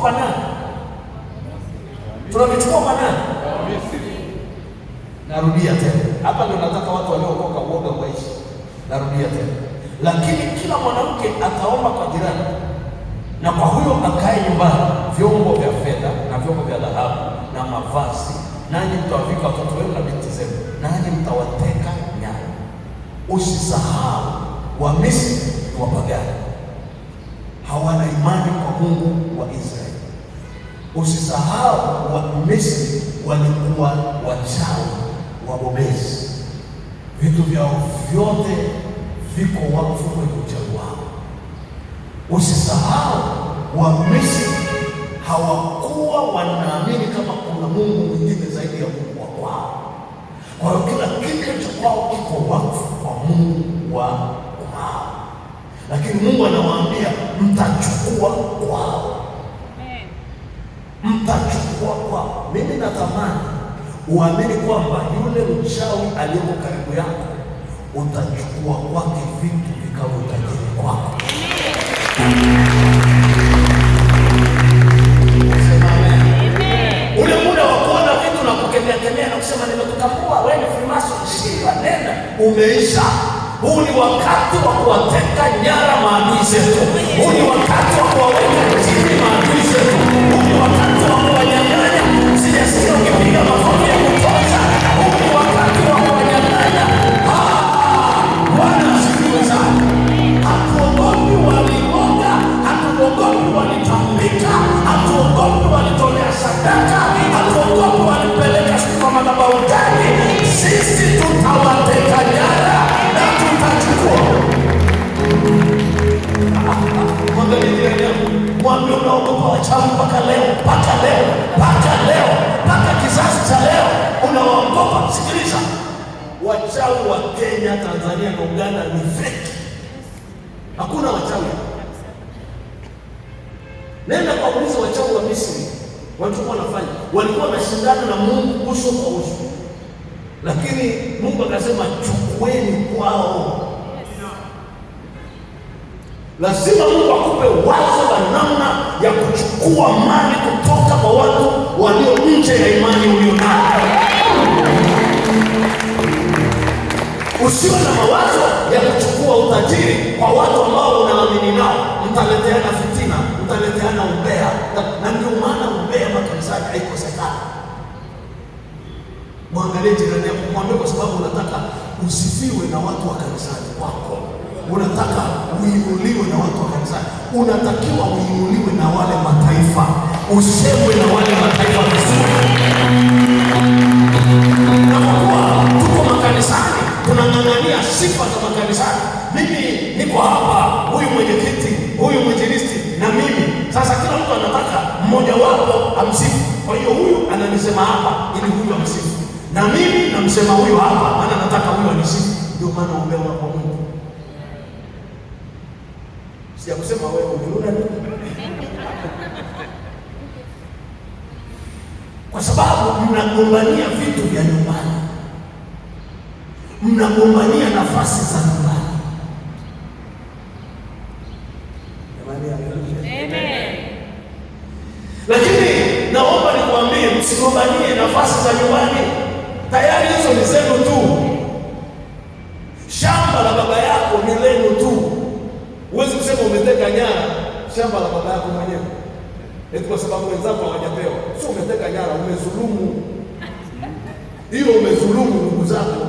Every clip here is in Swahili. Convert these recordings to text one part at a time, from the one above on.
kwa nani? Tunavichukua kwa nani? Narudia tena hapa, ndio nataka watu waliokoka uoga waishi. Narudia tena, lakini kila mwanamke ataomba kwa jirani na kwa huyo akae nyumbani vyombo vya fedha na vyombo vya dhahabu na mavazi, nanyi mtawavika watoto wenu na binti zenu, nanyi mtawateka nyara. Usisahau Misri Usisahau wa Misri walikuwa wachawi, wabobezi, vitu vyao vyote viko wakfu kwenye uchawi wao. Usisahau wa Misri hawakuwa wanaamini kama kuna Mungu mwingine zaidi ya Mungu wa kwao. Kwa hiyo kila kitu cha kwao kiko wakfu kwa Mungu wa kwao, lakini Mungu anawaambia mtachukua kwao mtachukua kwa Mimi natamani uamini kwamba yule mchawi aliyoko karibu yako utachukua kwake vitu vikawa utajiri kwako. Ule muda wa kuona vitu na kukemea kemea na kusema nimekutambua wewe ni Freemason, shiba nenda, umeisha. Huu ni wakati wa kuwateka nyara maadui zetu. Huu ni wakati wa kuwaweka njia Okay. Kenya, Tanzania na Uganda ni feki, hakuna wachawi. Nenda kwa ulizi wachawi wa Misri, walikuwa wanafanya, walikuwa wanashindana na Mungu uso kwa uso, lakini Mungu akasema chukueni kwao. Lazima Mungu akupe wazo la namna ya kuchukua mali kutoka kwa watu walio nje ya imani uliyonayo. Usiwe na mawazo ya kuchukua utajiri kwa watu ambao unaamini nao, mtaleteana fitina, mtaleteana umbea, na ndio maana umbea makanisani haikosekana. Mwangalie jirani yako, mwambie, kwa sababu unataka usifiwe na watu wa kanisani kwako, unataka uinuliwe na watu wa kanisani, unatakiwa uinuliwe na wale mataifa, usemwe na wale mataifa vizuri. Ndio maana umeomba kwa Mungu. kusema wewe umeona nini? Kwa sababu mnagombania vitu vya nyumbani, mnagombania nafasi za nyumbani. Lakini naomba nikwambie, msigombanie nafasi za nyumbani, tayari hizo ni zenu tu. Shamba la baba yako ni lenu tu. Huwezi kusema umeteka nyara shamba la baba yako mwenyewe, eti kwa sababu wenzako hawajapewa. Sio umeteka nyara, umezulumu. Hiyo umezulumu ndugu zako.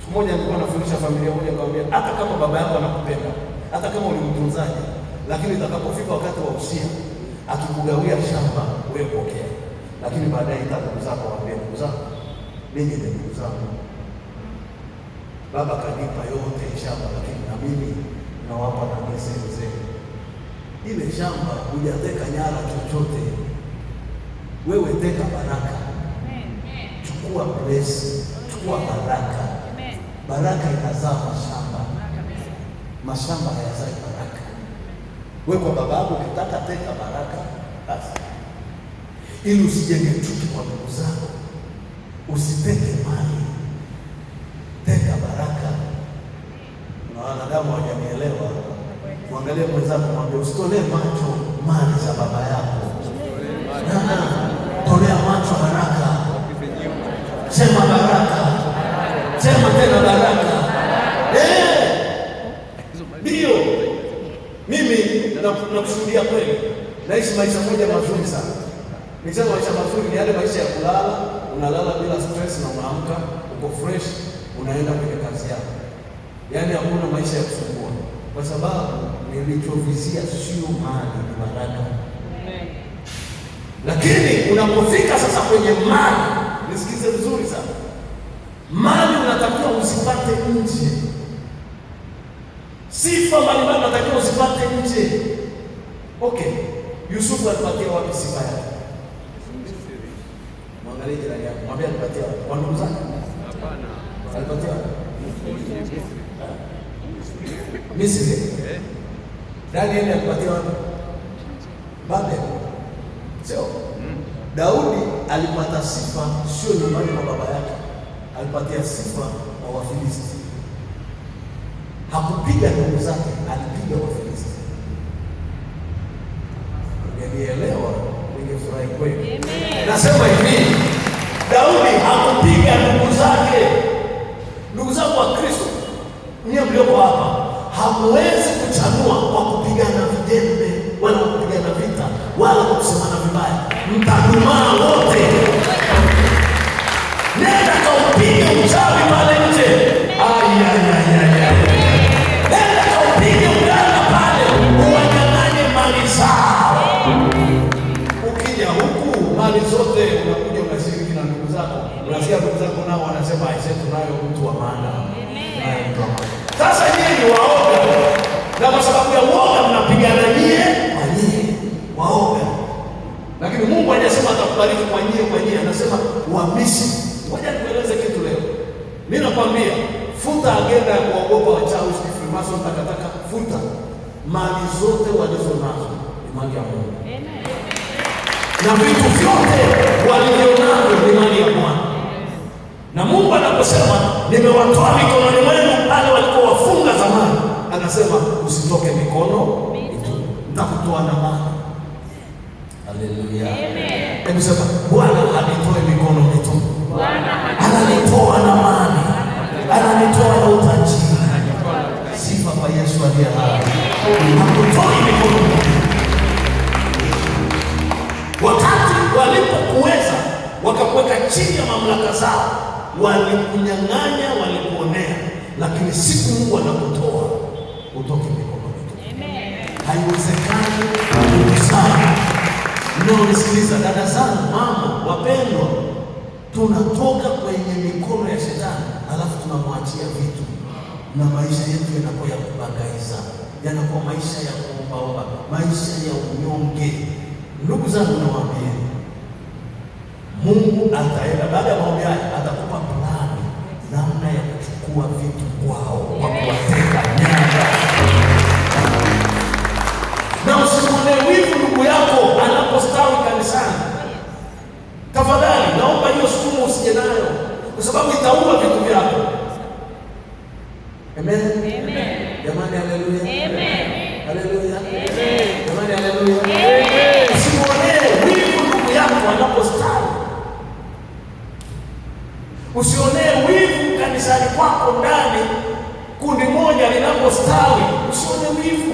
Siku moja nilikuwa nafundisha familia moja, nikamwambia hata kama baba yako anakupenda, hata kama ulimtunzaje, lakini itakapofika wakati wa usia, akikugawia shamba, wewe pokea, lakini baadaye ita ndugu zako, waambie ndugu zako ninyi ni ndugu zangu. Baba kanipa yote shamba, lakini na mimi nawapa nami sehemu zenu. Ile shamba hujateka nyara chochote, wewe teka baraka. Chukua blesi, chukua baraka. Baraka inazaa mashamba, mashamba hayazai baraka. We kwa baba yako ukitaka, teka baraka basi, ili usijenge chuki kwa ndugu zako. Usiteke mali, teka baraka. Na wanadamu hawajanielewa. Mwangalie mwenzako, mwambie usitolee macho mali za baba yako, tolea macho baraka. Sema baraka, sema tena baraka. Eh! Ndio mimi nakusudia kweli, naishi maisha moja mazuri sana. Nisema maisha mazuri ni yale maisha ya kulala unalala bila stress na unaamka uko fresh, unaenda kwenye kazi yako, yaani hakuna maisha ya kusumbua, kwa sababu nilichovizia sio mali, ni baraka. Lakini unapofika sasa kwenye mali, nisikize vizuri sana, mali unatakiwa usipate nje, sifa mbalimbali unatakiwa usipate nje. Okay, Yusufu alipatia wapi sifa yake? mwangalie jirani yako, mwambie alipatia kwa ndugu zake. Hapana, alipatia Misri. Eh? Eh? Danieli alipatia wapi? Babeli, sio? Hmm. Daudi alipata sifa sio nyumbani kwa baba yake, alipatia sifa kwa Wafilisti. Hakupiga ndugu zake, alipiga Wafilisti. Ungenielewa? kweli. Nasema hivi, Daudi hakupiga ndugu zake. Ndugu zangu wa Kristo, nyie mlioko hapa, hamwezi kuchanua kwa kupigana nakwambia, futa agenda ya kuogopa wachawi, Freemason, takataka. Futa mali zote walizo nazo ni mali ya Mungu, na vitu vyote walivyo navyo ni mali ya Bwana. Na Mungu anaposema nimewatoa mikononi mwenu, pale walipowafunga zamani, anasema usitoke mikono itu, nitakutoa na mali. Haleluya, hebu sema Bwana hanitoi mikono mitu, itu, ananitoa na mali kusimamia haya, hakutoi mikono. Wakati walipokuweza wakakuweka chini ya mamlaka zao, walikunyang'anya, walikuonea, lakini siku Mungu anakutoa utoke mikononi tu. Haiwezekani sana. Mnaonisikiliza dada zangu, mama wapendwa, tunatoka kwenye mikono ya shetani alafu tunamwachia vitu na maisha yetu yanakuwa kuangaiza, yanakuwa maisha ya kuombaomba, maisha ya unyonge. Ndugu zangu, nawaambia Usionee wivu kanisani kwako ndani, kundi moja linapostawi, usionee wivu.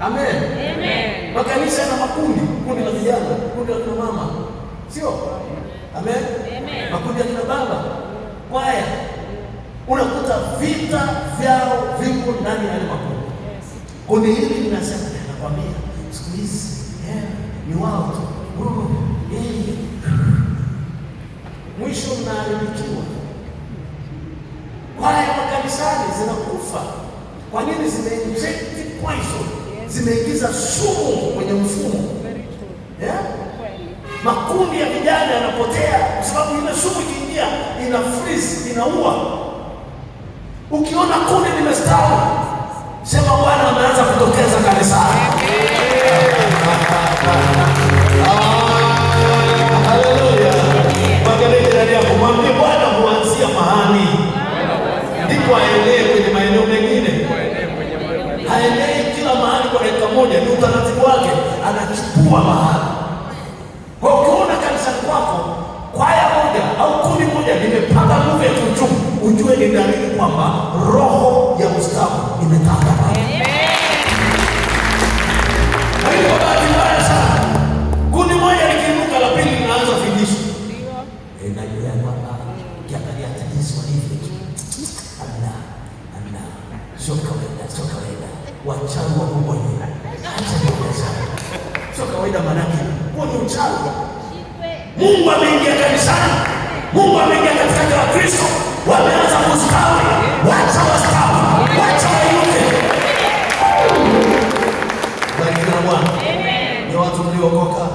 Amen, amen. Makanisa na makundi, kundi la vijana, kundi la mama, sio amen, makundi ya kina baba, kwaya, unakuta vita vyao viko ndani ya makundi. Kundi hili linasema, nakwambia siku hizi eh, ni wao tu mwisho mnaharibikiwa. Kwaya makanisani zinakufa. Kwa nini? Zimeinjekti poison, zimeingiza sumu kwenye mfumo yeah? Makundi ya vijana yanapotea kwa sababu ile sumu ikiingia ina freeze, inaua. Ukiona kundi limestawi, sema Bwana ameanza kutokeza kanisani. Mwambie Bwana huanzia mahali, ndipo aelee kwenye maeneo mengine. Haenei kila mahali kwa dakika moja, ni utaratibu wake, anachukua mahali. Kwa ukiona kanisa kwako kwaya moja au kundi moja limepata nguvu ya kiuchumi, ujue ni dalili kwamba roho ya ustawi imetanda. wachawi wakuponya. Sio kawaida, manake huo ni uchawi. Mungu ameingia kanisani, Mungu ameingia katikati ya Kristo, wameanza kustawi. Wacha wastawi, wacha wainuke. Barikiwa Bwana. Ni watu mliokoka